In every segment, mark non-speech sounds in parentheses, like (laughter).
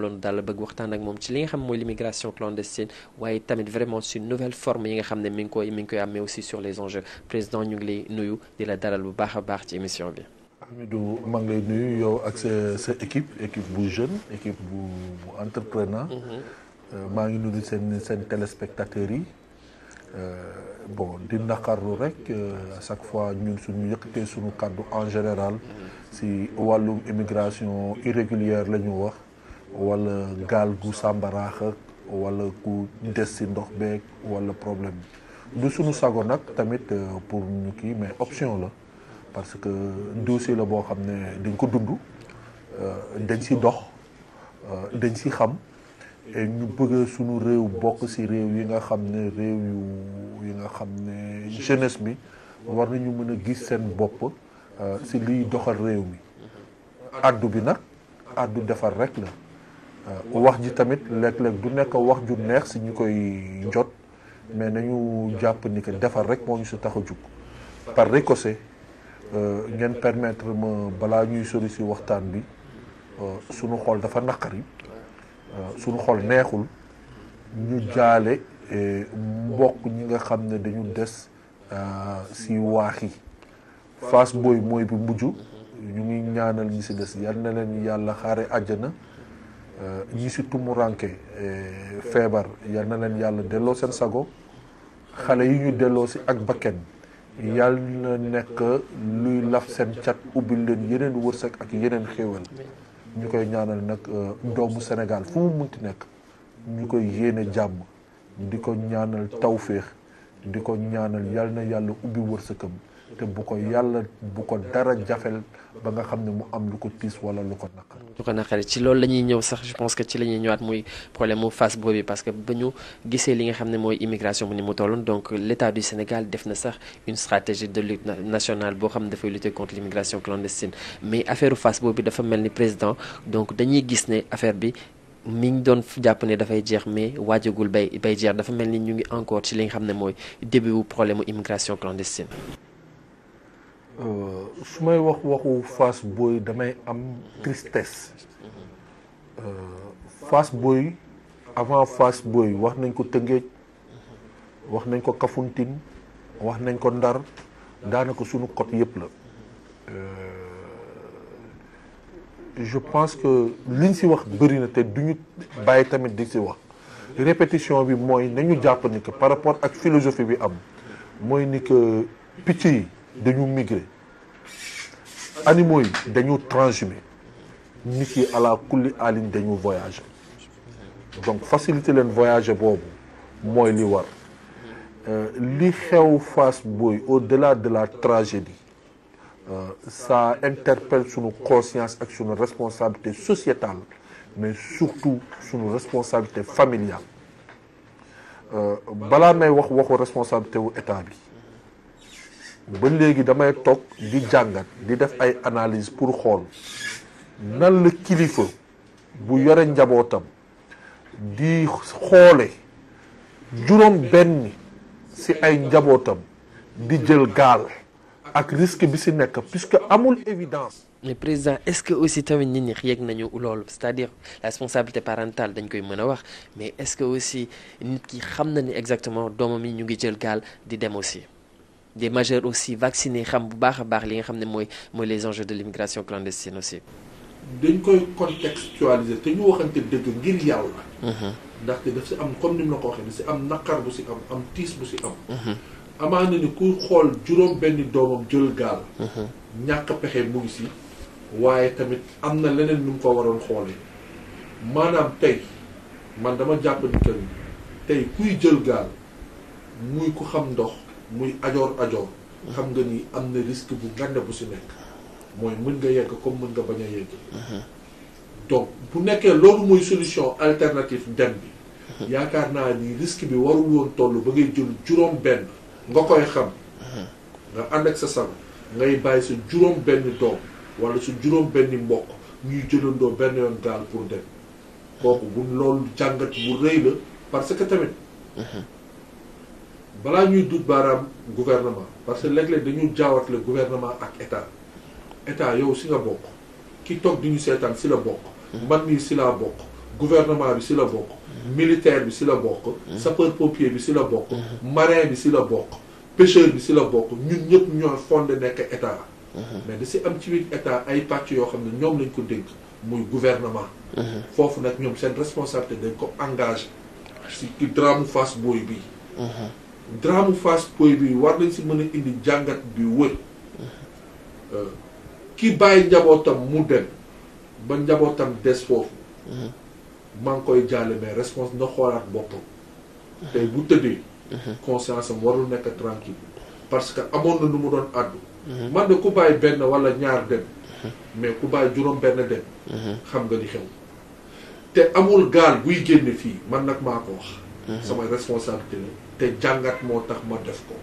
loolu daal bëgg waxtaan ak moom ci li nga xam mooy l'immigration clandestine waaye tamit vraiment ci nouvelle forme yi nga xam ne mi ngi koy mi ko koy amee aussi sur les enjeux président ñu ngi lay nuyu di la dalal bu baax a baax ci émission bi. Amidou maa ak sa sa équipe équipe bu jeune équipe bu bu entrepreneur. Mhm. Euh, maa ngi nuyu seen seen téléspectateurs yi. Euh, bon di naqarlu rek euh, à chaque fois ñun suñu yëkkatee suñu kàddu en général. Mhm. si wàllum immigration irrégulière la wax. walla gaal gu sàmbaraax ak wala ku des si ndox beeg walla problème bi du suñu sago nag tamit euh, pour ñu kii mais option la parce que dossier la boo xam ne dañ ko dund euh, dañ si dox euh, dañ si xam et ñu bëgg suñu réew bokk si réew yi nga xam ne réew yu yi nga xam ne jeunesse bi war nañu mën a gis seen bopp si liy doxal réew mi addu bi nag addu defar rek la Euh, wax ji tamit léeg-léeg du nekk wax ju neex si ñu koy jot mais nañu jàpp ni que defar rek moo ñu si tax a jug par ricochet euh, ngeen permettre ma balaa ñuy sori si waxtaan bi euh, suñu xol dafa naqari suñu xol neexul ñu jaale eh, mbokk ñi nga xam ne dañu des si waax yi Fass Boy mooy bi mujj ñu ngi ñaanal ñi si des yal na leen yàlla xaare àjjana ñi si tumuranke eh, feebar yal na leen yàlla delloo seen sago xale yi ñu delloo si ak bakken yàlla na nekk luy laf seen cat ubbi leen yeneen wërsëg ak yeneen xéewal ñu koy ñaanal nag eh, doomu Sénégal fu mu munti nekk ñu koy yéene jàmm di ko ñaanal tawféex di ko ñaanal yal na yàlla ubbi wërsëgam te bu ko yàlla bu ko dara jafel ba nga xam ne mu am lu ko tiis wala lu ko naqar lu ko naqari ci lool la ñuy ñëw sax je pense que ci la ñuy ñëwaat muy problème mu face boobu parce que ba ñu gisee li nga xam ne mooy immigration bu ni mu tolloon donc l' du Sénégal def na sax une stratégie de lutte nationale boo xam ne dafay lutter contre l' immigration clandestine mais affaire face boobu dafa mel ni président donc dañuy gis ne affaire bi mi ngi doon jàpp ne dafay jeex mais waajagul bay bay jeex dafa mel ni ñu ngi encore ci li nga xam ne mooy début wu problème mu immigration clandestine Euh, su may wax waxu Fass booy damay am tristesse euh, Fass Boy avant Fass booy wax nañ ko Tëngéej wax nañ ko Kafountine wax nañ ko Ndar daanaka sunu côté yëpp la euh, je pense que liñ si wax bëri na te duñu bàyyi tamit di si wax répétition bi mooy nañu jàpp ni que par rapport ak philosophie bi am mooy ni que picc yi dañu migrer animaux yi dañu transhumer nit yi ala kulli alin dañu voyage donc faciliter leen voyage boobu mooy li war euh, li xew Fass Boye au-delà de la tragédie sa euh, interpelle sunu conscience ak sunu responsabilité sociétale mais surtout sunu responsabilité familiale euh, balaa may wax waxu responsabilité wu état bi ba léegi damay toog di jàngat di def ay analyse pour xool nan la kilifa bu yore njabootam di xoole juróom benn ci ay njabootam di jël gaal ak risque bi ci nekk puisque amul évidence mais président est-ce que aussi tamit nit ñi yegg nañu loolu c'est-à-dire la responsabilité parentale dañ koy mën a wax mais est-ce que aussi nit ki xam na ni exactement doomam yi ñu ngi jël gaal di dem aussi des majeurs aussi vaccinés xam bu baax a baax li nga xam ne mooy mooy les enjeux de l'immigration clandestine aussi. dañ koy contextualiser te ñu waxante dëgg ngir yàlla. Mhm. ndaxte daf si am comme ni mu la ko waxee si am naqar bu si am am tiis bu si am. Mhm. amaana ni ku xool juróom benni doomam jël gaal. Mhm. ñàkk pexe mu ngi waaye tamit am na leneen lu mu ko waroon xoolee maanaam tey man dama jàpp ni tey kuy jël gaal muy ku xam ndox. muy ajoor ajoor xam nga ni am na risque bu ngande bu si nekk mooy mën nga yegg comme mën nga bañ a yegg mhm. donc bu nekkee loolu mooy solution alternative dem bi yaakaar naa ni risque bi warul woon toll ba ngay jël juróom benn nga koy xam mhm. nga ànd sa sago ngay bàyyi sa juróom benn doom wala sa juróom benn mbokk ñuy jëlandoo benn yoon gaal pour dem kooku bu loolu jàngat bu rëy la parce que tamit mhm. balaa ñuy dut baaraam gouvernement parce que léeg-léeg dañu jaawatle gouvernement ak état état yow si nga bokk ki toog di ñu seetaan si la bokk mm-hmm. man mii si la bokk gouvernement bi si la bokk mm-hmm. militaire bi si la bokk mm-hmm. sapeur pompier bi si la bokk marin bi si la bokk pêcheur bi si la bokk ñun ñëpp ñoo fondé nekk état mais da si am ci biir état ay pàcc yoo xam ne ñoom lañ ko dégg muy gouvernement foofu nag ñoom seen responsabilité dañ ko engage si ki drame Fass Boye draamu Fass Pouye bi war nañ si mën a indi jàngat bi wër euh, ki bàyyi njabootam mu dem ba njabootam des foofu maa ngi koy jaale mais réponse na xoolaat boppam tey bu tëddee conscience am warul nekk tranquille parce que amoon na nu mu doon àddu man de ku bàyyi benn wala ñaar dem mais ku bàyyi juróom benn dem xam nga di xew te amul gaal buy génn fii man nag maa ko wax samay responsabilité la te jàngat moo tax ma def ko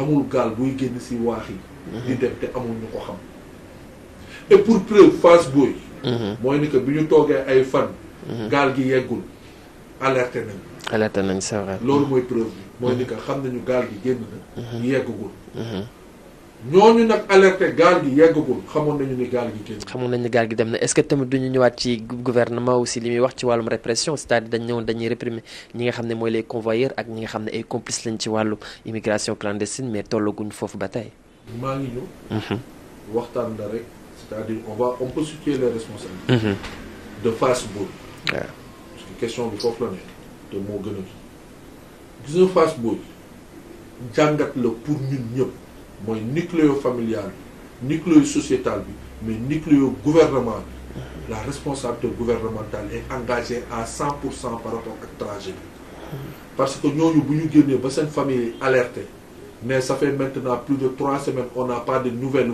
amul gaal buy génn si waax yi di dem te amul ñu ko xam et pour preuve Fass mhm. mooy ni que bi ñu toogee ay fan mhm. gaal gi yeggul alerté nañ alerté nañ c'est loolu mooy preuve bi mooy mhm. ni que xam nañu gaal gi génn na yeggagul ñooñu nag alerté gaal gi yeggagul xamoon nañu ni gaal gi kenn. xamoon nañu ni gaal gi dem na est-ce que tamit duñu ñëwaat ci gouvernement aussi li muy wax ci wàllum répression c'est-à-dire dañ ñëwoon dañuy réprimer ñi nga xam ne mooy les convoyeurs ak ñi nga xam ne ay complices lañ ci wàllu immigration clandestine mais tollaguñ foofu ba tey. maa ngi ñëw. Mhm. waxtaan la rek c'est-à-dire on va on peut situer les mhm. de face boobu. waaw a gis nga mooy nucléo familial bi nucléo sociétal bi mais nucléo gouvernement la responsabilité gouvernementale est engagée à cent pour cent par rapport ak trajet parce que ñooñu bu ñu génnee ba seen famille alerté mais ça fait maintenant plus de trois semaines on n'a pas de nouvelles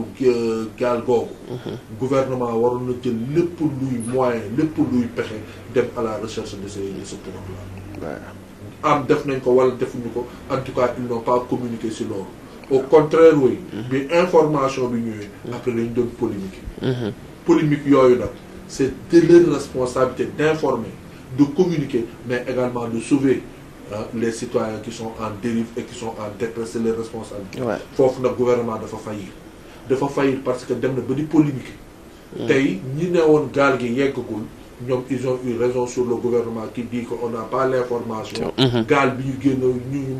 gaal googu euh, gouvernement waroon na jël lépp luy moyen lépp luy pexe dem à la recherche de ce de problème am def nañ ko wala defuñu ko en tout cas ils n'ont pas communiqué si loolu au contraire way bi information bi ñëwee après dañ doon polémique mhm. polémique yooyu nag c'est de leur responsabilité d'informer de communiquer mais également de sauver les citoyens qui sont en dérive et qui sont en détresse les responsabilités foofu nag gouvernement dafa faillir dafa faillir parce que dem na ba di polémique mhm. tey ñi ne woon gaal gi yeggagul ñoom ils ont eu raison sur le gouvernement qui dit que on n'a pas l'information mhm. gaal bi ñu génn ñu ñu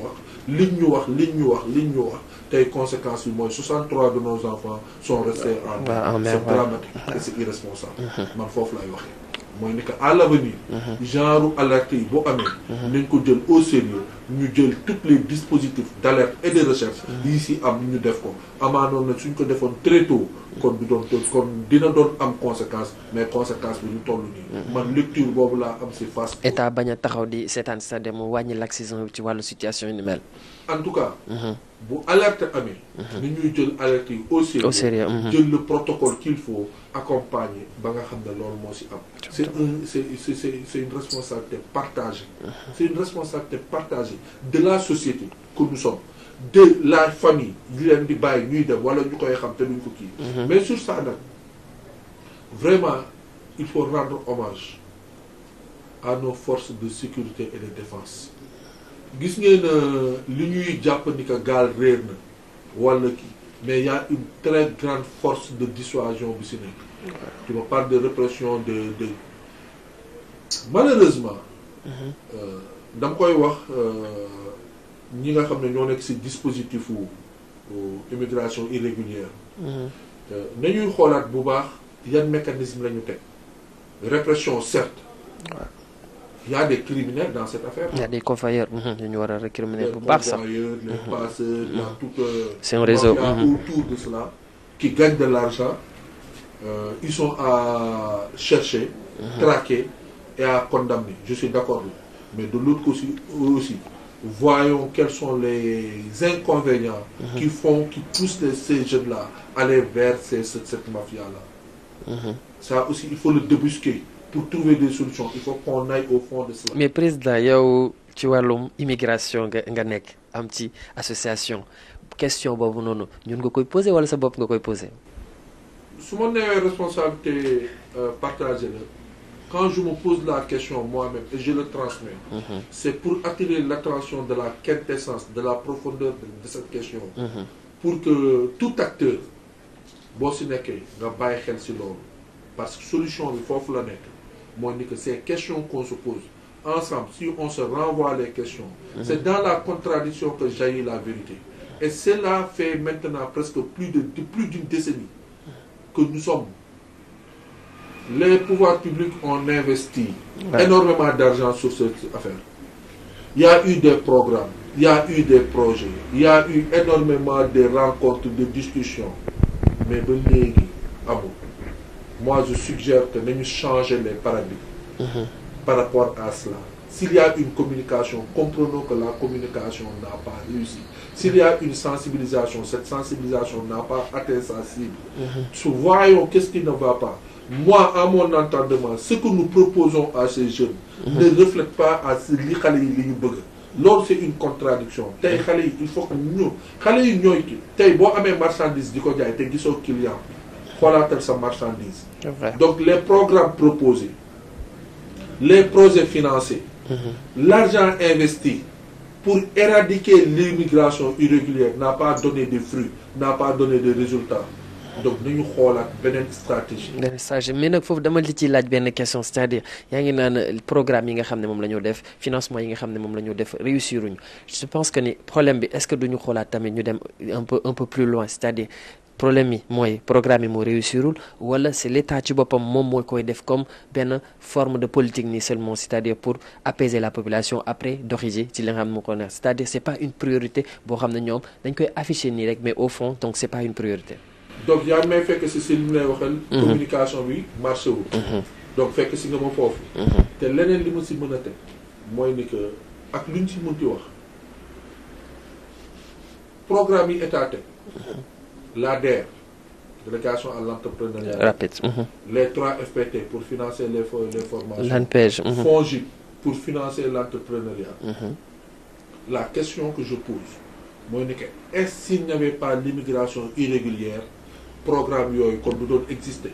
wax liñ ñu wax liñ ñu wax liñ ñu wax tey conséquence bi mooy 63 de nos enfants sont restés en mer c'est dramatique et c'est irresponsable man foofu lay waxee mooy ni que à l' mhm. u genre alerte yi boo amee. Mhm. nañ ko jël au sérieux ñu jël tous les dispositifs d' alerte et de recherche. Mhm. yi si am ñu def ko amaanoon na suñ ko defoon très tôt. kon du doon kon dina doon am conséquence mais conséquence bi ñu toll nii. man lecture boobu laa am si face. état bañ a taxaw di seetaan sa dem wàññi bi ci wàllu situation yi ni en tout cas. Mhm. bu alerte amee. Mhm. ni ñuy jël alerte yi au sérieux. au sérieux mhm. jël le protocole qu'il faut accompagner ba nga xam ne lool moo si am. c'est un c'est c'est c'est une responsabilité partagée. c'est une responsabilité partagée de la société que nous de la famille di leen di bàyyi ñuy dem wala ñu koy xam te duñ ko kii. mais sur ça nag vraiment il faut rendre hommage à nos forces de sécurité et de défense. gis ngeen euh, li ñuy jàpp ni que gaal réer na wala kii mais y a une très grande force de dissuasion bi si nekk. tu me parles de répression de de malheureusement. Euh, dama koy wax euh, ñi nga xam ne ñoo nekk si dispositif wu immigration irrégulière. ñuy xoolaat bu baax yan mécanisme lañu ñu teg répression certes. y a des criminels dans cette affaire. Il y a des convoyeurs yu ñu war a récriminer bu baax sax. les convoyeurs les mm-hmm. passeurs. dans mm-hmm. tout euh, c'est un réseau mm-hmm. autour de cela. qui gagnent de l'argent euh, ils sont à chercher. traquer et à condamner je suis d'accord mais de l'autre côté aussi voyons quels sont les inconvénients. qui font qui poussent ces jeunes là à aller vers ces cette mafia là. ça aussi il faut le débusquer. pour trouver des solutions il faut qu'on aille au fond de cela. mais président yow ci wàllum immigration nga nga nekk am ci association question boobu noonu ñun nga koy posé wala sa bopp nga koy posé. su ma nee responsabilité euh, partagée la quand je me pose la et je le transmets. Mhm. de la quintessence de la profondeur de cette question. Mhm. pour que tout acteur boo si nekkee nga bàyyi xel si parce que solution bi foofu la mooy ni que ces questions qu'on se pose ensemble si on se renvoie les questions mm -hmm. c'est dans la contradiction que jaillit la vérité et cela fait maintenant presque plus de, de plus d'une décennie que nous sommes les pouvoirs publics ont investi ouais. énormément d'argent sur cette affaire il y a eu des programmes il y a eu des projets il y a eu énormément de rencontres de discussions mais ba léegi amul moi je suggère que nous changer les paradigmes mhm. par rapport à cela. S'il y a une communication, comprenons que la communication n'a pas réussi. S'il y a une sensibilisation, cette sensibilisation n'a pas atteint sa cible. Mhm. Voyons qu'est-ce qui ne va pas. Moi, à mon entendement, ce que nous proposons à ces jeunes mhm. ne reflète pas à ce li xale ñu bëgg. loolu c'est une contradiction tey xale yi il faut que ñu xale yi ñooy ki tey boo amee marchandise di ko jaay te gisoo client xoolaatal sa marchandise. Donc les programmes proposés, les projets financés, mm -hmm. l'argent investi pour éradiquer l'immigration irrégulière n'a pas donné de fruits, n'a pas donné de résultats. donc nañu xoolaat beneen stratégie. mais nag foofu dama li ciy laaj benn question cest yaa ngi naan programme yi nga xam ne moom la def financement yi nga xam ne moom la ñu def réussir uñu pense que ni problème bi est-ce que duñu xoolaat tamit ñu dem un peu un peu plus loin cest problème yi mooy programme yi moo réussirul wala c'est l'état ci boppam moom moo koy def comme benn forme de politique nii seulement cest à pour apaiser la population après doxi ji ci li nga xam ne moo ko neex c'est-à-dire pas une priorité boo xam ne ñoom dañ koy afficher nii rek mais au fond donc c'est pas une priorité donc yaa may fekk si si li mu lay mm-hmm. communication bi marché mm-hmm. donc fekk si nga ma foofu mm-hmm. te leneen li ma si mën a teg mooy ni l'ADER, délégation à l'entrepreneuriat rapide, mhm. les 3 FPT pour financer les, formations, l'ANPEJ, mmh. pour financer l'entrepreneuriat. Mmh. La question que je pose, moi, est-ce qu'il n'y avait pas l'immigration irrégulière, programme yoy, comme d'autres existait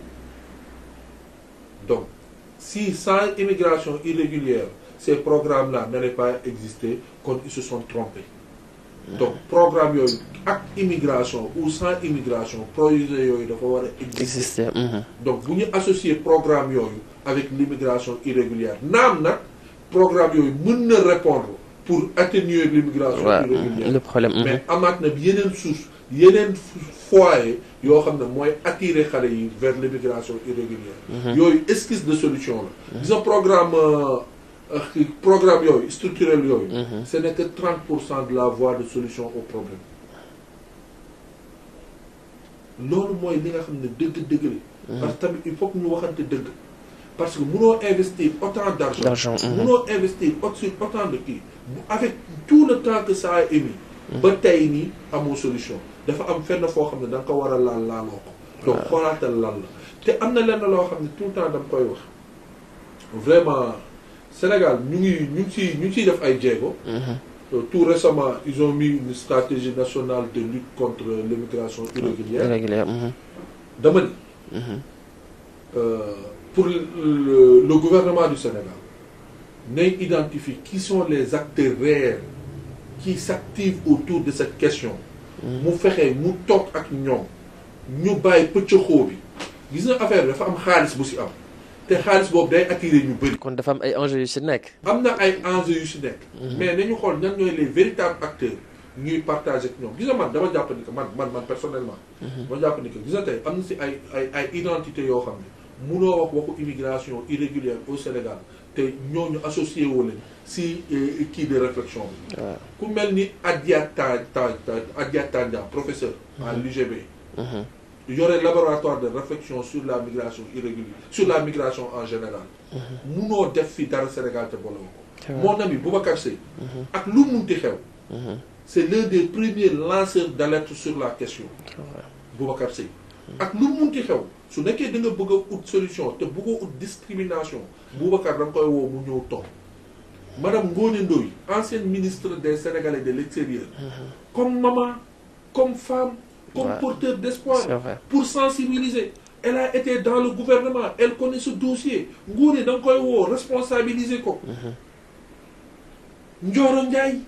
Donc, si sans immigration irrégulière, ces programmes-là n'allaient pas exister, quand ils se sont trompés. donc programme yooyu ak immigration ou sans immigration projet yooyu dafa war a exister mhm. donc bu ñu associer programme yooyu avec l'immigration irrégulière naam nag programme yooyu mu ne répondre pour atténuer l'immigration mhm, irrégulière le problème mhm. mais amaat na yeneen source yeneen foyer yoo xam ne mooy attirer xale yi vers l'immigration irrégulière yooyu esquisse de solution la gis nga programme euh, Euh, programme yooyu structurel yooyu. Mhm. ce n'est que 30 pour cent de la voie de solution au problème loolu mooy li nga xam ne dëgg-dëgg mhm. parce que tamit il faut que ñu waxante dëgg. parce que mënoo investir autant d'argent. mënoo mhm. investir sur autant de kii. avec tout le temps que ça ba tey nii amoo solution. dafa am fenn foo xam ne da ko war a laal laaloo ko. donc xoolaatal lan la te am na lenn loo xam ne tout le temps dama koy wax Sénégal ñu ngi ñu ngi ciy ñu ngi ciy def ay jéego. Mhm. Euh, tout récemment ils ont mis une stratégie nationale de lutte contre l'immigration irrégulière. irrégulière. Mhm. dama ni. Mhm. Euh, pour le, le gouvernement du Sénégal nay identifie qui sont les acteurs réels qui s'activent autour de cette question. mu fexe mu toog ak ñoom ñu bàyyi pëcc xoo bi gis na affaire bi dafa am xaalis bu ci am. te xaalis boobu day attiré ñu bëri. kon dafa am ay enjeux yu si nekk. am na ay enjeux yu si nekk. Mhm. mais nañu xool ñan ñooy les véritables acteurs ñuy partagé ak ñoom gis nga man dama jàpp man man man personnellement. Mhm. dama jàpp ni tey am na si ay ay ay identité yoo xam ne munoo wax waxu immigration irrégulière au Sénégal te ñooñu associé wu leen si euh, kii de réflexion bi. ku mel ni Adia Ta Ta Adia Tandia professeur. à mhm. l'UGB. yore laboratoire de réflexion sur la migration irrégulière sur la migration en général mhm. munoo def fi dara Sénégal te boolewoo ko mon ami Boubacar Sèye mhm. ak lu munti xew mhm. c'est l'un des premiers lanceurs d'alerte sur la question Boubacar Sèye ak lu munti xew su nekkee da nga bëgg a solution te bëggoo ut discrimination Boubacar da nga koy woo mu ñëw toog madame Ngoné ancienne ministre des Sénégalais de l'extérieur comme maman comme femme comme ouais. porteur d'espoir pour sensibiliser elle a été dans le gouvernement elle connaît ce dossier nguur yi da nga koy woo responsabiliser ko mhm. Ndioro Ndiaye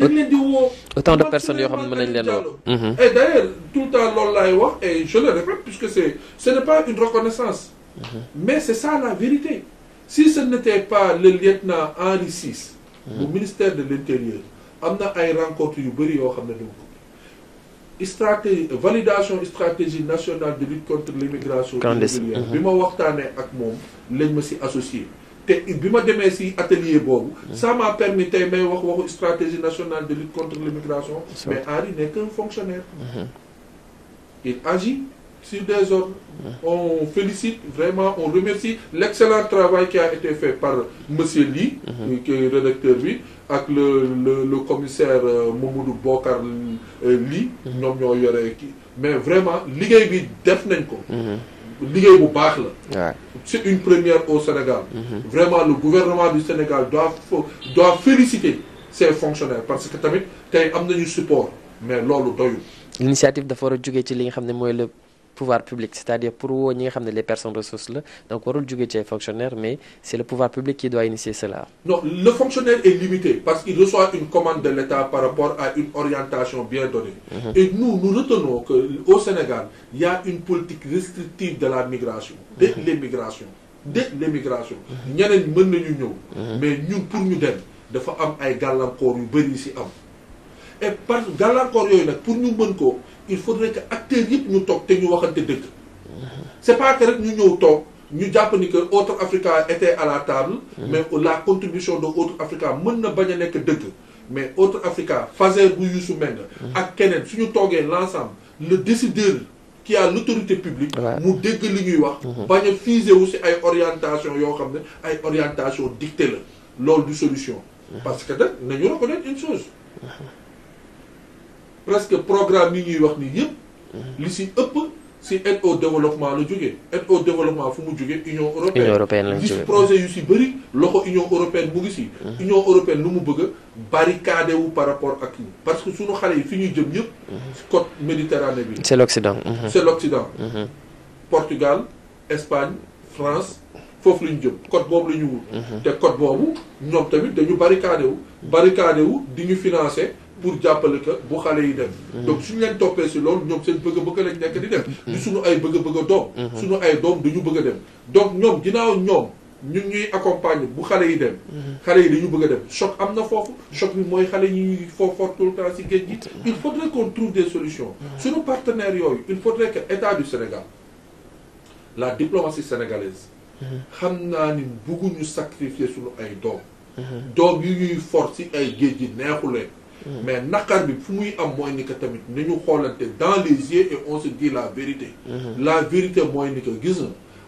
dañ di woo autant de personnes yoo xam ne mën nañ leen woo mhm. et d'ailleurs tout le temps loolu laay wax et je le répète puisque c'est ce n'est pas une reconnaissance mm -hmm. mais c'est ça la vérité si ce n'était pas le lieutenant Henri VI. bu mhm. ministère de l'intérieur am na ay rencontres yu bëri yoo xam ne dama stratégie validation stratégie nationale de lutte contre l'immigration irrégulière mhm. bi ma waxtaanee ak moom lañ ma si associé te bi ma demee si atelier boobu mhm. ça m'a tey may wax waxu stratégie nationale de lutte contre l'immigration mais Henri nekk qu'un fonctionnaire mhm. il agit sur des ordres. On félicite vraiment, on remercie l'excellent travail qui a été fait par Monsieur li mhm. qui est bi ak le le le commissaire euh, Mamadou Bokar euh, Ly. Mhm. ñoom ñoo yore kii mais vraiment liggéey bi def nañ ko. Mhm. liggéey bu baax la. c'est une première au Sénégal. vraiment le gouvernement du Sénégal doit doit féliciter ses fonctionnaires parce que tamit tey am nañu support mais loolu doyul. l'initiative dafa war a jóge ci li nga xam ne mooy le. pouvoir public c'est-à-dire pour woo ñi nga xam ne les personnes ressources la donc warul jóge ci ay fonctionnaires mais c'est le pouvoir public qui doit initier cela. non le fonctionnaire est limité parce qu'il reçoit une commande de l'État par rapport à une orientation bien donnée. Mhm. et nous nous retenons que au Sénégal il a une politique restrictive de la migration. de mm de l'immigration. Mhm. ñeneen mën nañu ñëw. Mhm. mais ñun pour ñu dem dafa am ay gàllankoor yu bari il faudrait que acteurs yëpp ñu toog te ñu waxante dëgg c'est pas que rek ñu ñëw toog ñu jàpp ni que autre Africa était à la table mais la contribution de autre Africa mën na bañ a nekk dëgg mais autre Africa Fazer bu Youssou Mbengue ak keneen suñu toogee l'ensemble le décideur ki a l'autorité publique mu dégg li ñuy wax mhm. bañ a fusé wu si ay orientation yoo xam ne ay orientation dictée la loolu du solution mhm. parce que nag nañu reconnaître une chose presque programme yi ñuy wax ni yëpp. Mm-hmm. li si ëpp si aide au développement lu jógee aide au développement fu mu jógee union européenne union européenne la jógee projet yu si bëri loxo union européenne mu ngi si. Mm-hmm. union européenne lu mu bëgg a barricadé wu par rapport ak ñu parce que suñu xale yi fi ñuy jëm yëpp. Mm-hmm. si côte méditerranée bi. c' est l' Occident. c' est l' Occident. Portugal Espagne France. foofu la ñu jëm code boobu la ñu wut. te code boobu ñoom tamit dañu barricadé wu. barricadé wu di ñu financé pour jàppale que bu xale yi dem. Mm-hmm. donc suñu leen toppee si loolu ñoom seen bëgg-bëgg lañ nekk di dem. Mm-hmm. du suñu ay bëgg-bëgg doom. Mm-hmm. suñu ay doom dañu bëgg a dem. donc ñoom ginnaaw ñoom ñun ñuy bu xale yi dem. xale yi dañu bëgg dem choc am na foofu choc mooy xale yi ñuy foofu fort tout si géej gi. il faudrait qu'on trouve des solutions. suñu partenaires yooyu il faudrait que état du Sénégal la diplomatie sénégalaise. xam naa ni bëgguñu sacrifier suñu ay doom. doom yu ñuy si ay géej gi neexuleen. mais naqar bi fu muy am mooy ni que tamit nañu xoolante dans les yeux et on se dit la vérité. Mhm. la vérité mooy ni que gis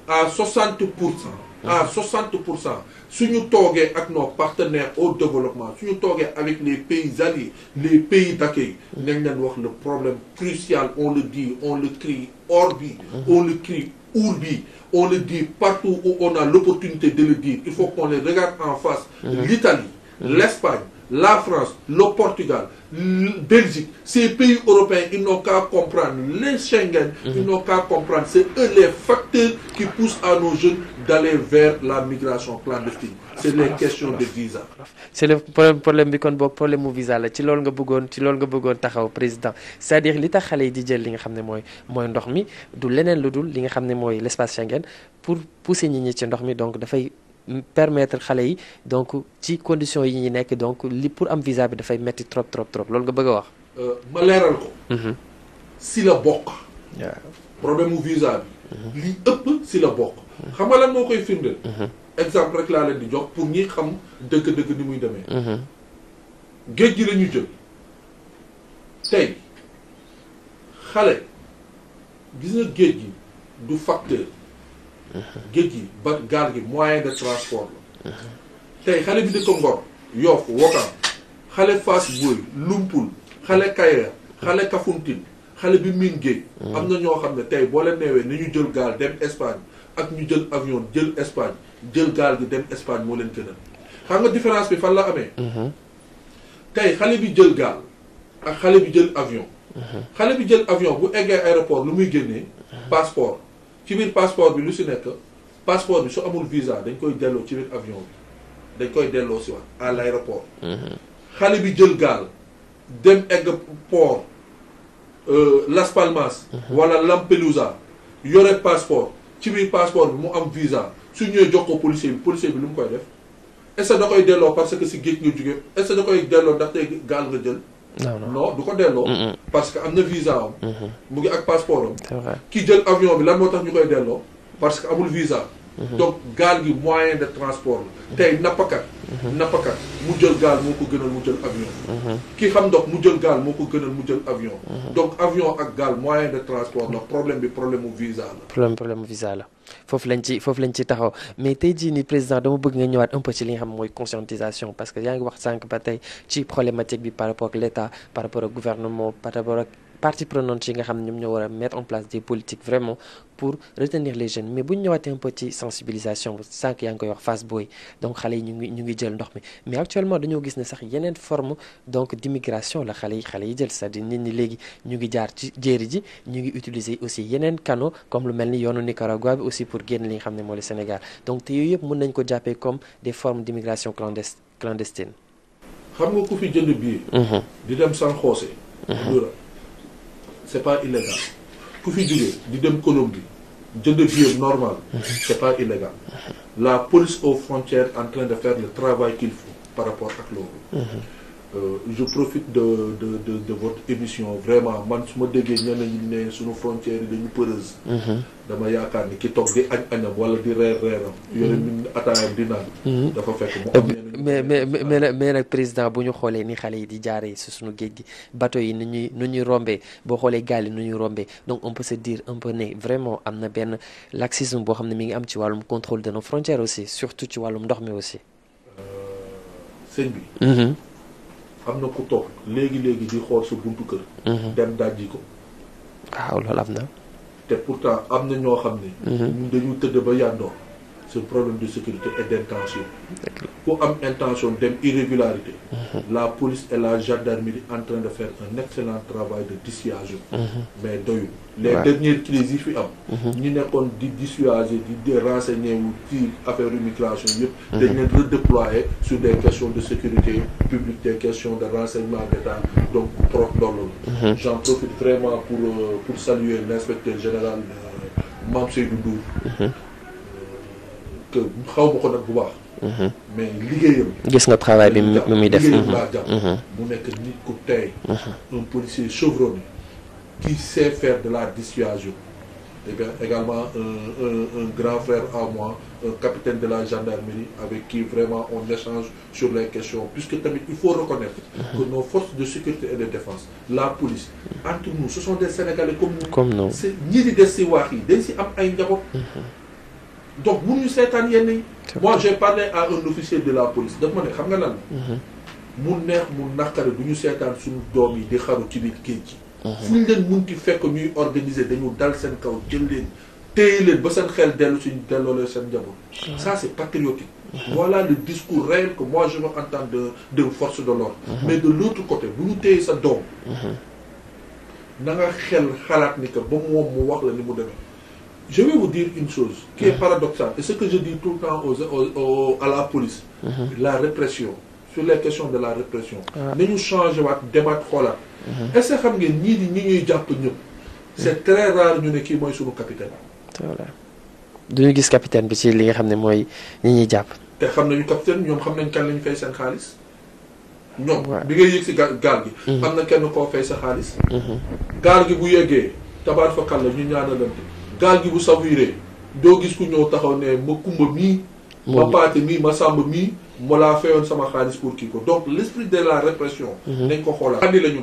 na à 60 pour cent. à 60 mhm. pour cent suñu toogee ak nos partenaires au développement suñu toogee avec les pays alliés les pays d'accueil mhm. nañ leen wax le problème crucial on le dit on le crie orbi on le crie ourbi on le dit partout où on a l'opportunité de le dire il faut qu'on les regarde en face l'Italie l'Espagne la France, le Portugal, le Belgique, ces pays européens, ils n'ont qu'à comprendre. Les Schengen, mm -hmm. ils comprendre. C'est eux les facteurs qui poussent à nos jeunes d'aller vers la migration clandestine. C'est les questions de visa. C'est le problème bi kon boobu problème mu visa la ci loolu nga bëggoon ci loolu nga bëggoon taxaw président c'est-à-dire li tax xale yi di jël li nga xam ne mooy ndox mi du leneen lu dul li nga xam ne mooy l'espace Schengen pour pousser nit ñi ci ndox mi donc dafay. permettre xale yi donc ci conditions yi ñu nekk donc li pour am visa bi dafay metti trop trop trop loolu nga bëgg a wax. Euh, ma leeral ko. Mhm. si la bokk. problème mu visa bi. Mhm. li ëpp si la boq mhm. xam nga lan moo koy firndeel. exemple rek laa leen di jox pour ñi xam dëgg-dëgg ni muy demee. géej gi la jël tey xale gis nga géej gi du facteur. géej gi ba gaal gi moyen de transport la tey xale bi dëkka Ngor Yoff Ouakam xale Fass Boye Lumpul xale Kayra xale Kafountine xale bi miin géej mm. am na ñoo xam ne tey boo leen neewee ni ñu jël gaal dem Espagne ak ñu jël avion jël Espagne jël gaal gi dem Espagne moo leen gënal xam nga différence bi fan la amee mm-hmm. tey xale bi jël gaal ak xale bi jël avion mm-hmm. xale bi jël avion bu eggee aéroport lu muy génnee mm-hmm. passeport ci biir passeport bi lu si nekk passeport bi su amul visa dañ koy delloo ci biir avion bi dañ koy delloo si waat à l'aéroport mhm. xale bi jël gaal dem egg port euh, Las Palmas mhm. wala Lampedusa yore passeport ci biir passeport bi mu am visa su ñëwee jox ko policier bi policier bi lu mu koy def est da koy delloo parce que si géej nga jóge est-ce que da koy delloo ndaxte gaal nga jël non du ko delloo. parce que am na visa am. Mm-hmm. mu ngi ak passeport am. c'est jël avion bi lan moo tax ñu koy delloo. parce que amul visa. Mhm. donc gaal gi moyen de transport la. Mhm. tey nappakat. Mhm. nappakat mu jël gaal moo ko gënal mu jël avion. ki xam ndox mu jël gaal moo ko gënal mu jël avion. donc avion ak gaal moyen de transport la problème bi problème mu visa la. problème problème mu visa la foofu lañ ci foofu taxaw mais tey jii nii président dama bëgg nga ñëwaat un peu ci li nga xam mooy conscientisation parce que yaa ngi wax sànq ba tey ci problématique bi par rapport ak l' état par rapport ak gouvernement parties prenantes yi nga xam ne ñoom ñoo war a mettre en place des politiques vraiment pour retenir les jeunes mais bu ñu ñëwaatee ci sensibilisation sànq yaa ngi koy wax face booy donc xale yi ñu ngi jël ndox mi mais actuellement dañoo gis ne sax yeneen forme donc d'immigration la xale yi xale yi jël cest à nit ñi léegi ñu ngi jaar jéeri ji ñu ngi utiliser aussi yeneen canaux comme lu mel ni yoonu Nicaragua bi aussi pour génn li nga xam ne moo le Sénégal donc c'est pas illégal ku fi jógee di dem Colombie de vie normal c'est pas illégal la police aux frontières en train de faire le travail qu'il faut par rapport ak loolu Euh, je profite de de de de émission vraiment man su ma déggee ñenn ne suñu frontières yi dañu përeuse. Mhm. dama yaakaar ni ki toog di añ añam wala di reer reeram. Mhm. yore min ataayam di naan. Mhm. dafa fekk mu am euh, ah. mais mais mais mais président bu ñu xoolee ni xale yi di jaaree si suñu géej gi bateau yi nu ñuy nu ñuy rombee boo xoolee gaal yi nu ñuy rombee donc on peut se dire un ne vraiment am na benn laxisme boo xam ne mi ngi am ci wàllum contrôle de nos frontières aussi surtout ci wàllum ndox mi aussi. Euh, am na ku toog léegi léegi di xool sa buntu kër. Mhm. dem dajji ko. waaw loolu am na. te pourtant am na ñoo xam ne. Mhm. ñun dañu tëdd ba yàndoor. sur problème de sécurité et d'intention ku am intention dem irrégularité la police et la gendarmerie en train de faire un excellent travail de dissuasion mais doyul les dernières crises yi fi am mhm. ñi nekkoon di dissuager di renseigner wu ci affaire immigration yëpp mhm. dañ leen redéployer sur des questions de sécurité publique des questions de renseignement d'État donc pro mhm. j'en profite vraiment pour euh, pour saluer l'inspecteur général euh, Mame que xaw ma ko nag bu baax. Mhm. mais liggéeyam. gis nga travail bi mu muy def liggéeyam mhm. laa jàpp. Mhm. mu nekk nit ku tey. un policier chevronné qui sait faire de la dissuasion. et eh bien également un, un, un grand frère à moi un capitaine de la gendarmerie avec qui vraiment on échange sur les questions puisque tamit il faut reconnaître que nos forces de sécurité et de défense la police entre nous ce sont des Sénégalais comme nous c'est ñi di des si waax yi dañ si am ay njaboot donc bu ñu seetaan yenn yi. moi j'ai parlé à un officier de la police daf ma ne xam nga lan. Mhm. mu neex mu naqare bu ñu seetaan suñu doom yi di xaru ci biir géej gi. Mhm. fu ñu leen munti fekk ñuy organiser dañu dal seen kaw jël leen téye leen ba seen xel dellu suñu delloo seen njaboot. ça c'est patriotique. Mhm. laa le discours réel ko mois je veux entendre de de force de l'ordre mais de l'autre côté bu ñu téye sa doom. na nga xel xalaat ni que ba moom mu wax la ni mu demee. je vais vous dire une chose qui est ah. paradoxale, et ce que je dis tout le temps aux, aux, aux, à la police, mm -hmm. la répression, sur les questions de la répression. Nous changeons de débat. Est-ce que vous savez que nous sommes C'est très rare que nous sommes sur le capitaine. Voilà. Nous avons le capitaine, parce que nous savons que nous sommes te xam nañu capitaine ñoom xam nañ kan lañ fay seen xaalis. ñoom bi ngay yëg si gaal gi. Mm-hmm. am na kenn koo fay sa xaalis. Mm-hmm. gaal gi bu yeggee tabaar fa kan la ñu ñaanalante. gaal gi bu savuré doo gis ku ñëw taxaw ne ma kumba mii ma paate mii ma sàmb mii ma laa fayoon sama xaalis pour kii ko donc l' esprit de la répression mhm. nañ ko xoolaat xandi la ñu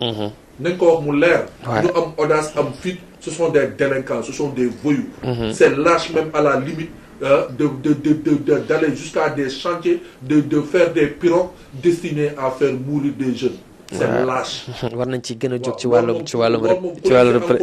mhm. nañ ko wax mu leer ñu am audace am fit ce sont des délinquants ce sont des voyous mhm. c' est lâche à la limite euh, de de de d'aller jusqu'à des chantiers de de faire des pirogues destinées à faire mourir des jeunes seen lâche (laughs) war nañ ci gën a jóg ci wàllum ci wàllum rek ci wàllum rek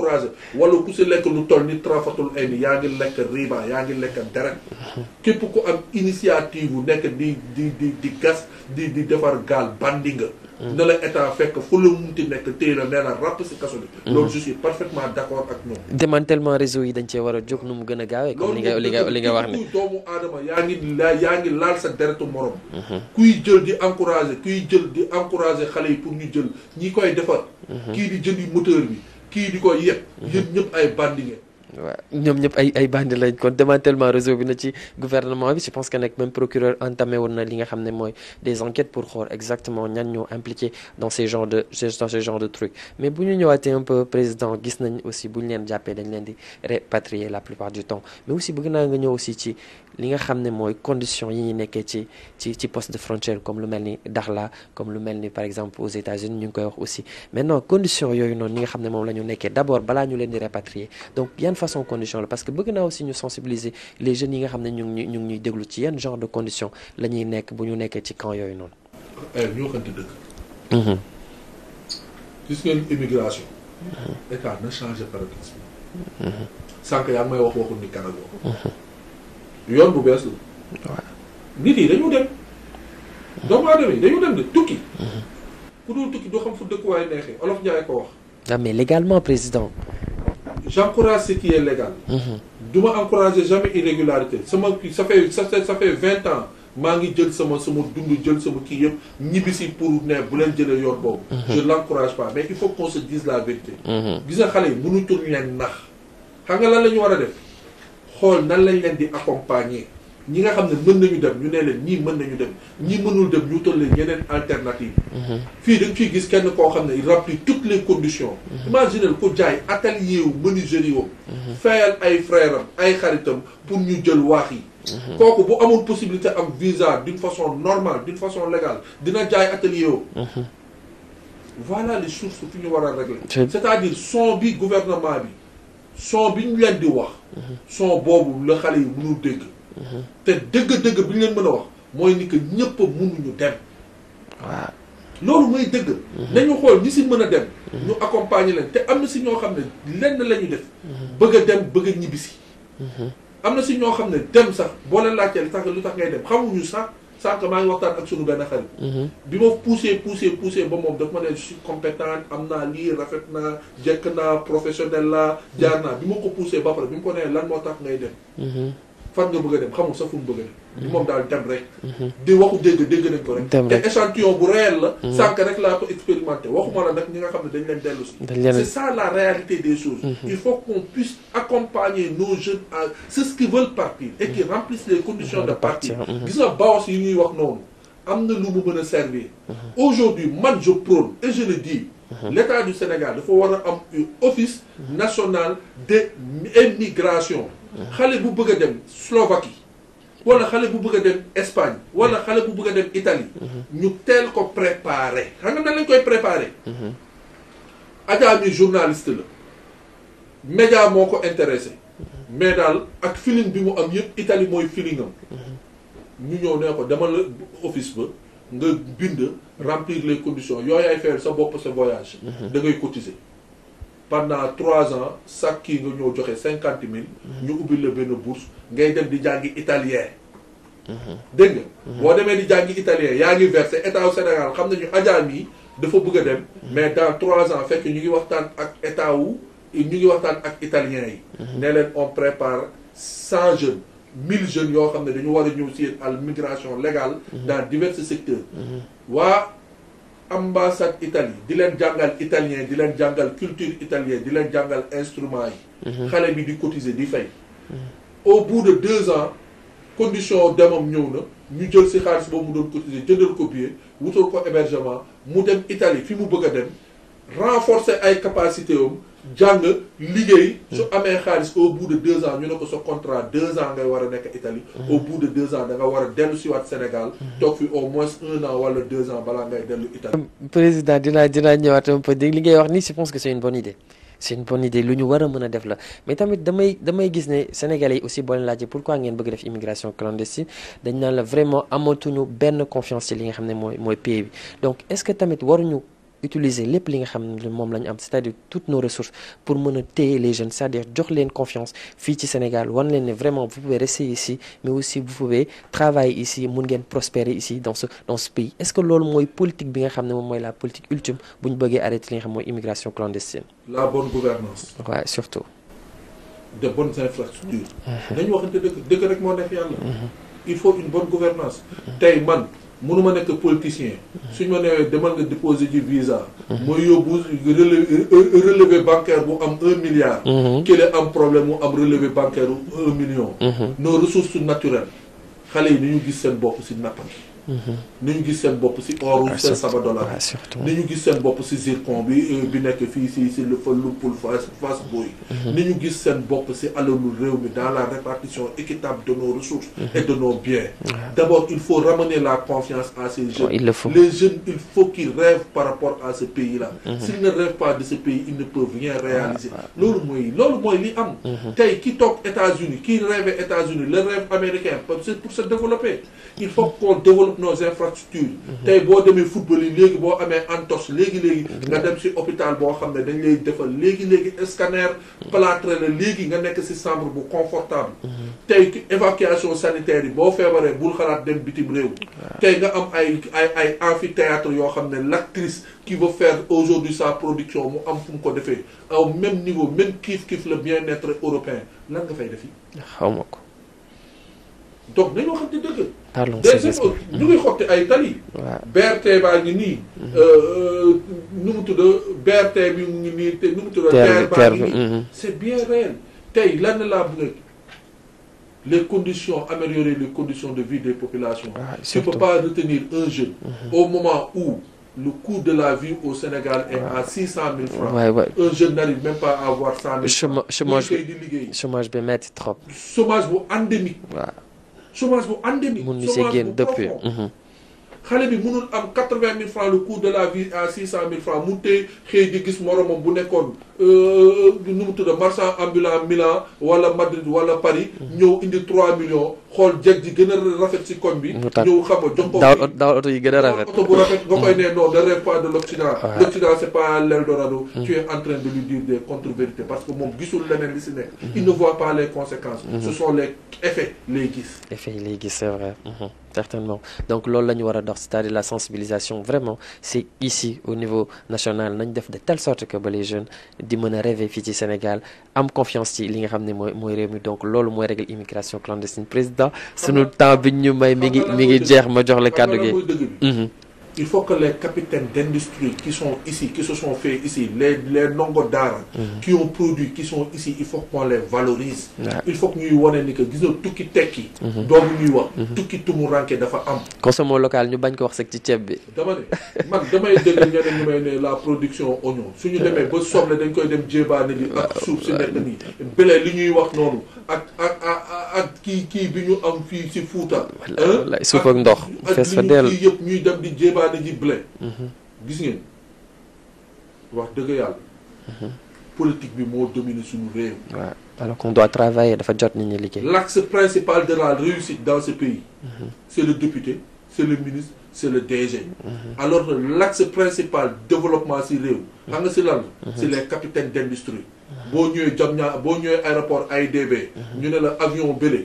wala ku si lekk lu toll ni trafatul ay ni yaa ngi lekk riba yaa ngi lekk deret (laughs) képp ku am initiative bu nekk di di di di gas di di defar gaal bandi nga ne la état fekk fu la munti nekk téye la nee ràpp si kaso mhm. loolu je suis parfaitement d' accord ak ñoom. démantèlement réseau yi dañ cee war a jóg nu mu gën a gaawee. comme li nga li nga li nga wax ne doomu yaa ngi laal sa deretu morom. Mhm. kuy jël di encouragé kuy jël di encouragé xale yi pour ñu jël ñi koy defar. Mhm. kii di jëndi moteur bi kii di koy yeb. yéen ay bandi waaw ñoom ñëpp ay ay bandi lañ kon démantèlement réseau bi na ci gouvernement bi je pense que nag même procureur entamé woon na li nga xam ne mooy des enquêtes pour xool exactement ñan ñoo impliqué dans ces genre de dans ce genre de truc mais bu ñu ñëwaatee un peu président gis nañ aussi bu ñu leen jàppee dañ leen di répatrier la plupart du temps mais aussi bëgg naa nga ñëw aussi ci li nga xam ne mooy conditions yi ñu nekkee ci ci ci poste de frontière comme lu mel ni Dakhla comme lu mel ni par exemple aux États-Unis ñu ngi koy wax aussi maintenant conditions yooyu noonu ñi nga xam ne moom la ñu nekkee d'abord balaa ñu leen di répatrier donc yan façon condition la parce que bëgg naa aussi ñu sensibiliser les jeunes yi nga xam ne ñu ngi ñu ngi déglu ci yan genre de condition la nekk bu ñu nekkee ci camp yooyu noonu. Eh, yoon bu bees la. nit yi dañu dem. doomu aadama yi dañu dem de tukki. Mm-hmm. ku dul tukki du xam fu dëkkuwaay neexee olof Ndiaye ko wax. non mais légalement président. j'encourage ce qui légal. Mm-hmm. du ma encourager jamais irrégularité sama sa fait ça fait ça fait vingt ans maa ngi jël sama sama dund jël sama kii yëpp ñibbisi pour ne bu leen jëlee yoon boobu. Mm-hmm. je l'encourage pas mais il faut qu'on se dise la vérité. gis nga xale yi mënutul leen nax xam nga lan la ñu war a def. xool nan lañ leen di accompagner ñi nga xam ne mën nañu dem ñu ne leen ñii mën nañu dem ñii mënul dem ñu toll leen yeneen alternative mhm. fii da nga gis kenn koo xam ne il remplit toutes les conditions mhm. imaginez ko jaay atelier wu menuiserie wam mhm. fayal ay frère ay xaritam pour ñu jël waax yi kooku bu amoon possibilité am visa d'une façon normale d'une façon légal dina jaay atelier wu voilà les sources fi ñu war a régler c'est-à-dire son bi gouvernement bi son bi ñu leen di wax. son boobu la xale yi mënul dégg. te dëgg-dëgg bi ñu leen mën a wax mooy ni que ñëpp mënuñu dem. waaw loolu mooy dëgg. Mhm. nañu xool ñi si mën a dem. ñu accompagner leen te am na si ñoo xam ne lenn la ñu def. Mhm. bëgg a dem bëgg a ñibbisi. Mhm. am na si ñoo xam ne dem sax boo leen laajtee sax lu tax ngay dem xamuñu sax. sànq maa ngi waxtaan ak sunu benn xarit. Mhm. bi ma poussé poussé poussé ba moom daf ma ne je suis am naa lii rafet naa jekk naa professionnel laa jaar naa bi ma ko poussé ba pare bi mu ko nee lan moo tax ngay dem. Mhm. far nga bëgg a dem xamul sax fu mu bëgg a mm-hmm. moom daal dem rek. Mm-hmm. di waxu dégg dégg nañ ko rek. te échantillon bu réel la. Mm-hmm. sànq rek laa ko expérimenté waxuma la nag ñi nga xam ne dañ leen dellu si. c'est ça la réalité des choses. il faut qu'on puisse accompagner nos jeunes à c'est ce qu'ils veulent partir. et qui remplissent les conditions de partir. gis nga yi ñuy wax noonu am na lu mu mën a servir. aujourd'hui man je prône et je le dis. l'état du Sénégal dafa war a am un office national de xale bu bëgg a dem Slovaquie wala xale bu bëgg a dem Espagne wala xale bu bëgg a dem Italie ñu teel ko préparé xam nga nan lañ koy préparé Adja mi journaliste la média moo ko intéressé mais daal ak feeling bi mu am yëpp Italie mooy feelingam ñu ñëw nee ko dama la office ba nga bind remplir les conditions yooyaay faire sa bopp sa voyage da ngay cotiser pendant trois ans chaque kii nga ñëw joxe cinquante mille. Mhm. ñu ubbi la benn bourse ngay dem di jàngi italien. Mhm. dégg nga. Mhm. boo demee di jàngi italien yaa ngi versé état wu Sénégal xam nañu Adja mii dafa bëgg dem. mais dans trois ans fekk ñu ngi waxtaan ak état wu ñu ngi waxtaan ak italien yi. ne leen on prépare cent jeunes. mille jeunes yoo xam ne dañu war a ñëw si à la migration légale. dans divers secteurs. waa. ambassade Italie di leen jàngal italien di leen jàngal culture italienne di leen jàngal instrument yi mhm. xale bi di cotiser di fay au bout de deux ans condition demam ñëw na ñu jël si xaalis boobu mu doon cotiser jëndal ko billet wutal ko hébergement mu dem Italie fi mu bëgg a dem renforcer ay capacité am jàng liggéey su amee xaalis au bout de deux ans ñu ne ko sa contrat deux ans ngay war a nekk Italie au bout de deux ans da war a dellu si waat Sénégal toog fi au moins un an wala deux ans balaa ngay dellu Italie président dinaa dinaa ñëwaat un peu dégg li ngay wax nii si pense que c'est une bonne idée c'est une bonne idée lu ñu war a mën a def la mais tamit damay damay gis ne Sénégalais yi aussi boo laaj laajee pourquoi ngeen bëgg def immigration clandestine dañ naan vraiment amatuñu benn confiance li nga xam ne mooy mooy pays bi donc est-ce que tamit waruñu utiliser lépp li nga xam ne moom la am cest à toutes nos ressources pour mën a téye les jeunes cest dire jox leen confiance fii ci Sénégal wan leen vraiment vous pouvez rester ici mais aussi vous pouvez travailler ici mun ngeen prospérer ici dans ce pays est loolu mooy politique bi nga xam ne moom mooy la politique ultime bu ñu bëggee arrêter li nga xam mooy immigration clandestine. la bonne gouvernance waaw surtout. de bonne gouvernance tey man. mënu ma nekk politicien suñ ma newee demal nga déposer ji visa mooy yóbbu relevé bancaire bu am un milliard mhm. kële am problème mu am relevé bancaire un million mhm. nos ressources naturelles xale yi ni ñu gis seen bopp si napp Mm-hmm. nañu gis seen bopp si or seen saba dollar nañu gis seen bopp si zircon euh, bi nekk fii si si lu fa luppul fas fas booy mm-hmm. nañu gis seen bopp si alalu réew mi dans la répartition équitable de nos ressources mm-hmm. et de nos biens d'abord il faut ramener la confiance à ces jeunes les jeunes il faut qu'ils rêvent par rapport à ce pays là s'ils ne rêvent pas de ce pays ils ne peuvent rien ah, réaliser loolu mooy li am tey ki toog États-Unis ki rêve États-Unis le rêve toutes nos tey boo demee football yi léegi boo amee antos léegi léegi. nga dem si hôpital boo xam ne dañ lay defal léegi léegi scanner. plâtre la léegi nga nekk si chambre bu confortable. tey ki évacuation sanitaire yi boo feebaree bul xalaat dem bitim réew. tey nga am ay ay ay yoo xam ne l'actrice qui veut faire aujourd'hui sa production mu am fu mu ko defee au même niveau même kiif kiif le bien-être européen lan nga fay defi. xaw ma ko. donc dañoo parlons ces ay nii. Mhm. Euh, euh, nu mu tudd BRT bi mu ngi nii te nu mu mhm. c'est bien réel tey lan la bëgg les conditions améliorer les conditions de vie des populations. Ah, tu ne peux pas retenir un jeune. Mhm. au moment où le coût de la vie au Sénégal est à six cent mille francs. Ouais, ouais. un jeune n'arrive même pas avoir cent mille. chômage trop. chômage bu endémique. chômage bu endémique. mun see génn mhm. xale bi mënul am quatre vingt mille franc le coût de la vie à six cent mille franc mu tey xëy di gis moromam bu nekkoon. Euh, euh, nu mu tudd marchand ambulant Milan wala Madrid wala Paris. ñëw indi 3 millions xool jeg ji gën a rafet si koñ bi. ñëw xam nga jox ko daaw daaw oto yi gën a rafet. oto bu rafet nga koy mm. ne non le l' Occident. l' Occident c' l' Eldorado. Mm. tu mm-hmm. mm-hmm. gis. effets lay gis c' est mm-hmm. loolu la ñu war a dox cest à la sensibilisation vraiment c'est ici au niveau national nañ def de telle sorte que ba les jeunes. di mën a rêver fii ci Sénégal am confiance ci li nga xam ni mooy mooy réew mi donc loolu mooy régler immigration clandestine président sunu temps bi ñu may mi ngi mi ngi jeex ma jox la kàddu gi il faut que les capitaines d'industrie qui sont ici, qui se sont faits ici, les, les nongo d'art mm -hmm. qui ont produit, qui sont ici, il faut qu'on les valorise. Yeah. Il faut que nous voyons que nous tout qui teki, mhm. donc nous voyons mhm. tout qui tout mouranke d'affaires am. Consommons local, nous bagnons quoi c'est que tu es. Demandez, man, demain de l'année nous menons la production oignon. Si nous demee ba somme dañ koy dem djeba neli, soupe c'est net neli, belle ligne nous voyons non, ak ak ak qui qui venu en fille c'est fouta. Soupe daal di ji mhm. wax dëgg yàlla. Mhm. politique bi moo domine suñu réew. waaw alors qu'on doit travailler dafa jot nit ñi liggéey. l'axe principal de la réussite dans ce pays. Mhm. c'est le député c'est le ministre alors que l'axe développement ci réew. xam nga ci lan la. c'est les capitaines d'industrie. boo ñëwee jam ñaa boo ñëwee aéroport AIBD. ñu ne la avion bële.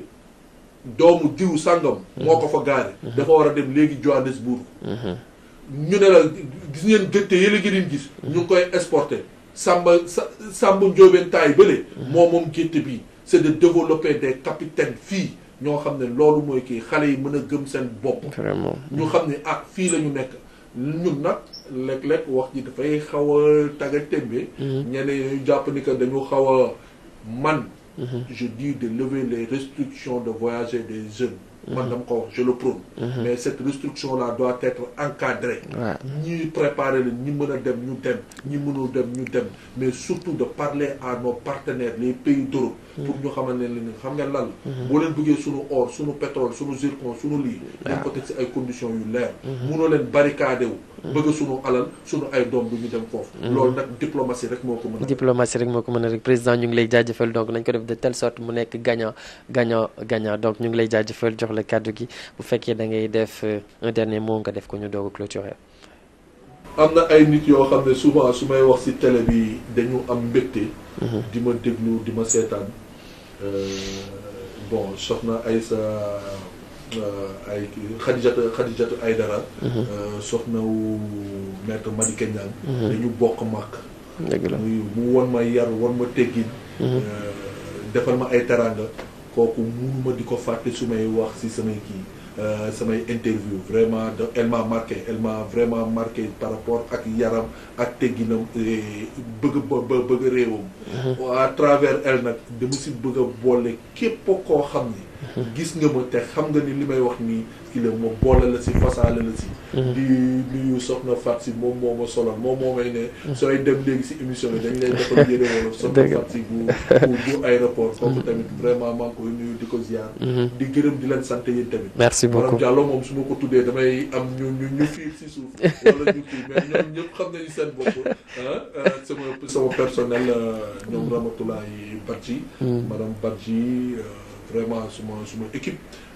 doomu diw sangam. moo ko fa gaare. dafa war a dem léegi Johannesburg. ñu ne la gis ngeen gëtte yële ngeen gis. ñu koy exporté. Samba sa Samba Ndiobène taay bële. moo moom gëtte bi c' est de développer des capitaines fii ñoo xam ne loolu mooy kii xale yi mën a gëm seen bopp. vraiment ñu xam ne ah fii la ñu nekk. ñun nag léeg-léeg wax ji dafay xaw a tagga témbe mm-hmm. ñenn jàpp ni que dañu xaw a man mm-hmm. je dis de lever les restrictions de voyager des jeunes man dama ko wax je le prône. Mhm. mais cette restriction là doit être encadrée. ñi préparer leen ñi mën a dem ñu dem ñi mënul dem ñu dem mais surtout de parler à nos partenaires les pays d'Europe. Mhm. pour ñu xamal ne leen xam nga lan la. Mhm. boo leen bëggee suñu or suñu pétrole suñu zircon suñu lii. dañ ko teg si ay conditions yu leer. mënoo leen barricadé bëgg sunu alal sunu ay doom du ñu dem foofu. Mhm. loolu nag diplomatie rek moo ko mën a. rek moo ko mën a rek président ñu ngi lay jaajëfal donc nañ ko def de telle sorte mu nekk gagnant gagnant gagnant donc ñu ngi lay jaajëfal jox la kàddu gi bu fekkee da ngay def euh, un dernier nga def ko ñu doog a clôturer. am na ay nit yoo xam ne souvent su may wax ci télé bi dañu am mbégte. Mhm. di ma déglu di seetaan euh, bon soxna Aïssa. Euh, ay Khadijatu Khadijatu Aydara. Mhm. Euh, soxnawu maître Madické Niang. Mhm. dañu bokk màkk. dëgg la muy mu won ma yar won ma teggin. Mhm. Euh, defal ma ay teraanga kooku munuma di ko fàtte su may wax si samay kii. Euh, samay interview vraiment de elle m'a marqué elle vraiment marqué par rapport ak yaram ak tegginam bëgg ba bëgg réewam mhm. à travers elle nag dama si bëgg boole képp koo xam ni mhm. gis nga ma te xam nga ni li may wax nii la ma boole la si fasaale la si mhm. di nuyu soxna Fatou si moom moo a solon moom moo may ne mhm. sooy dem léegi si émission yi dañ lay defal yére wolof (laughs) soxna Fatou si bu bu aéroport kooku mhm. tamit vraiment maa ngi koy nuyu di ko ziar di gërëm di leen sant yéen tamit merci beaucoup Diallo moom su ma ko tuddee damay am ñu ñu ñu si suuf wala ñu kii ñoom ñëpp xam nañu seen bopp ah, ah, sama sama personnel ah, ñoom suma suma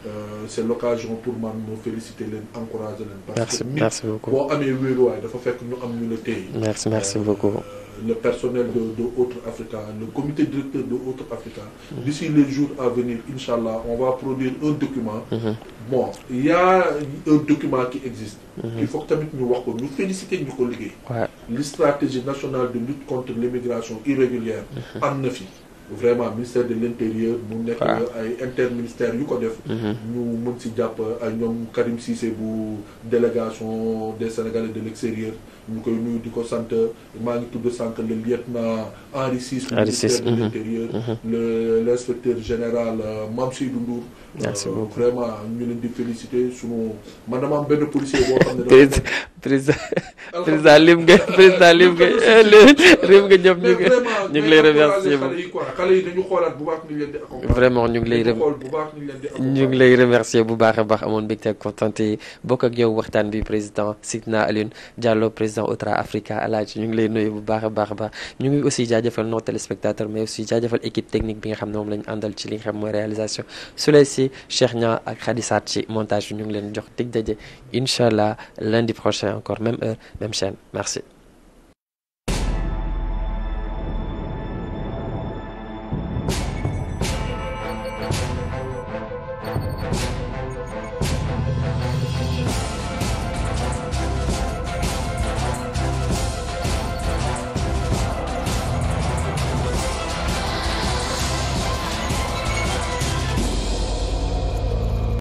Euh, c'est l'occasion pour man moo féliciter leen encourager leen. parce que merci beaucoup boo amee wéeruwaay dafa fekk ñu am ñu la téye. merci merci euh, beaucoup. le personnel de de Africa le comité directeur de Otra Africa. d'ici les jours à venir incha allah on va produire un document. Mhm. bon y un document qui existe. Mhm. il faut tamit ñu wax ko ñu féliciter ñu ko liggéey. waaw li stratégie nationale de lutte contre l'immigration irrégulière. Mhm. am na fi. vraiment ministère de l' intérieur mu nekk ay interministère yu ko def mhm. ñu mën si jàpp ay ñoom Karim Cissé bu délégation des Sénégalais de l' extérieur ñu koy nuyu di ko sant maa ngi tudd sànq le lieutenant Henri Ciss bu ministère de mhm. l' mhm. le l' inspecteur général euh, Mame Seydou Ndour merci euh, beaucoup vraiment ñu leen di féliciter sunu man dama am benn policier boo xam ne (laughs) président (laughs) (laughs) président lim nga président (laughs) lim nga lim nga ñoom ñu ngi ñu ngi lay remercier bu ñu ngi lay ñu ngi lay bu baax a baax amoon mbégte ak kontante bokk ak yow waxtaan bi président Sidna Alioune Diallo président Otra Africa alaaj ñu ngi lay nuyu bu baax a baax a baax ñu ngi aussi jaajëfal nos téléspectateurs mais aussi jaajëfal équipe technique bi nga xam ne moom la ñu àndal ci li nga xam mooy réalisation Souley Si Cheikh Niang ak Khady Sarr ci montage ñu ngi leen jox dig daje incha allah lundi prochain demain encore, même heure, même chaîne. Merci.